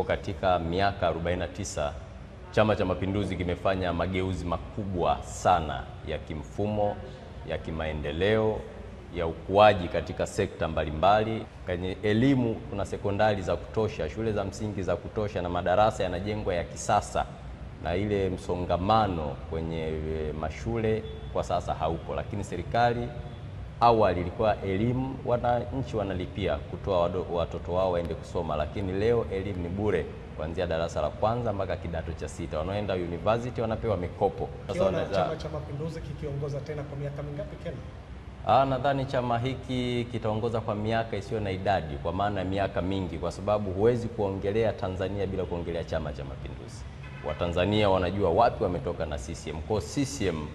ambapo katika miaka 49 Chama cha Mapinduzi kimefanya mageuzi makubwa sana ya kimfumo, ya kimaendeleo, ya ukuaji katika sekta mbalimbali. Kwenye elimu kuna sekondari za kutosha, shule za msingi za kutosha, na madarasa yanajengwa ya kisasa, na ile msongamano kwenye eh, mashule kwa sasa haupo, lakini serikali awali ilikuwa elimu wananchi wanalipia kutoa watoto wao waende kusoma, lakini leo elimu ni bure kuanzia darasa la kwanza mpaka kidato cha sita. Wanaoenda university wanapewa mikopo. Sasa Chama cha Mapinduzi kikiongoza tena kwa miaka mingapi tena? Ah, nadhani chama hiki kitaongoza kwa miaka isiyo na idadi, kwa maana miaka mingi, kwa sababu huwezi kuongelea Tanzania bila kuongelea Chama cha Mapinduzi. Watanzania wanajua wapi wametoka na CCM. Kwa CCM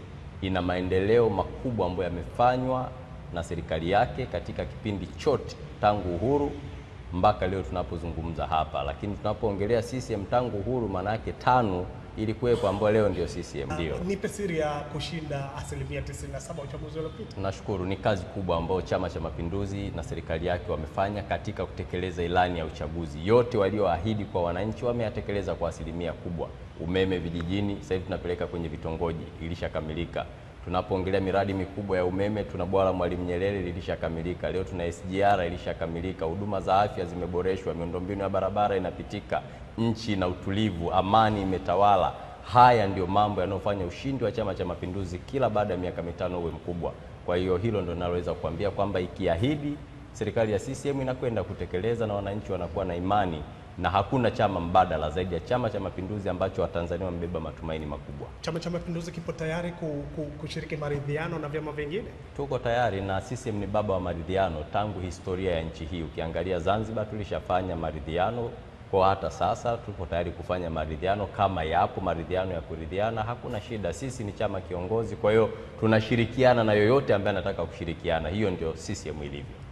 ina maendeleo makubwa ambayo yamefanywa na serikali yake katika kipindi chote tangu uhuru mpaka leo tunapozungumza hapa, lakini tunapoongelea CCM tangu uhuru, maana yake tano kuwepo ambayo leo ndio CCM ah, ndio. Nipe siri ya kushinda asilimia 97 uchaguzi uliopita. Nashukuru, ni kazi kubwa ambayo Chama cha Mapinduzi na serikali yake wamefanya katika kutekeleza ilani ya uchaguzi. Yote walioahidi kwa wananchi wameyatekeleza kwa asilimia kubwa. Umeme vijijini sasa hivi tunapeleka kwenye vitongoji, ilishakamilika. Tunapoongelea miradi mikubwa ya umeme, tuna bwawa la Mwalimu Nyerere lilishakamilika, leo tuna SGR ilishakamilika, huduma za afya zimeboreshwa, miundombinu ya barabara inapitika, nchi na utulivu, amani imetawala. Haya ndio mambo yanayofanya ushindi wa Chama cha Mapinduzi kila baada ya miaka mitano uwe mkubwa. Kwa hiyo hilo ndo ninaloweza kuambia kwamba ikiahidi serikali ya CCM inakwenda kutekeleza na wananchi wanakuwa na imani na hakuna chama mbadala zaidi ya Chama cha Mapinduzi ambacho Watanzania wamebeba matumaini makubwa. Chama cha Mapinduzi kipo tayari ku, ku, kushiriki maridhiano na vyama vingine. Tuko tayari na CCM ni baba wa maridhiano tangu historia ya nchi hii. Ukiangalia Zanzibar tulishafanya maridhiano, kwa hata sasa tupo tayari kufanya maridhiano kama yapo maridhiano ya kuridhiana, hakuna shida. Sisi ni chama kiongozi, kwa hiyo tunashirikiana na yoyote ambaye anataka kushirikiana. Hiyo ndio CCM ilivyo.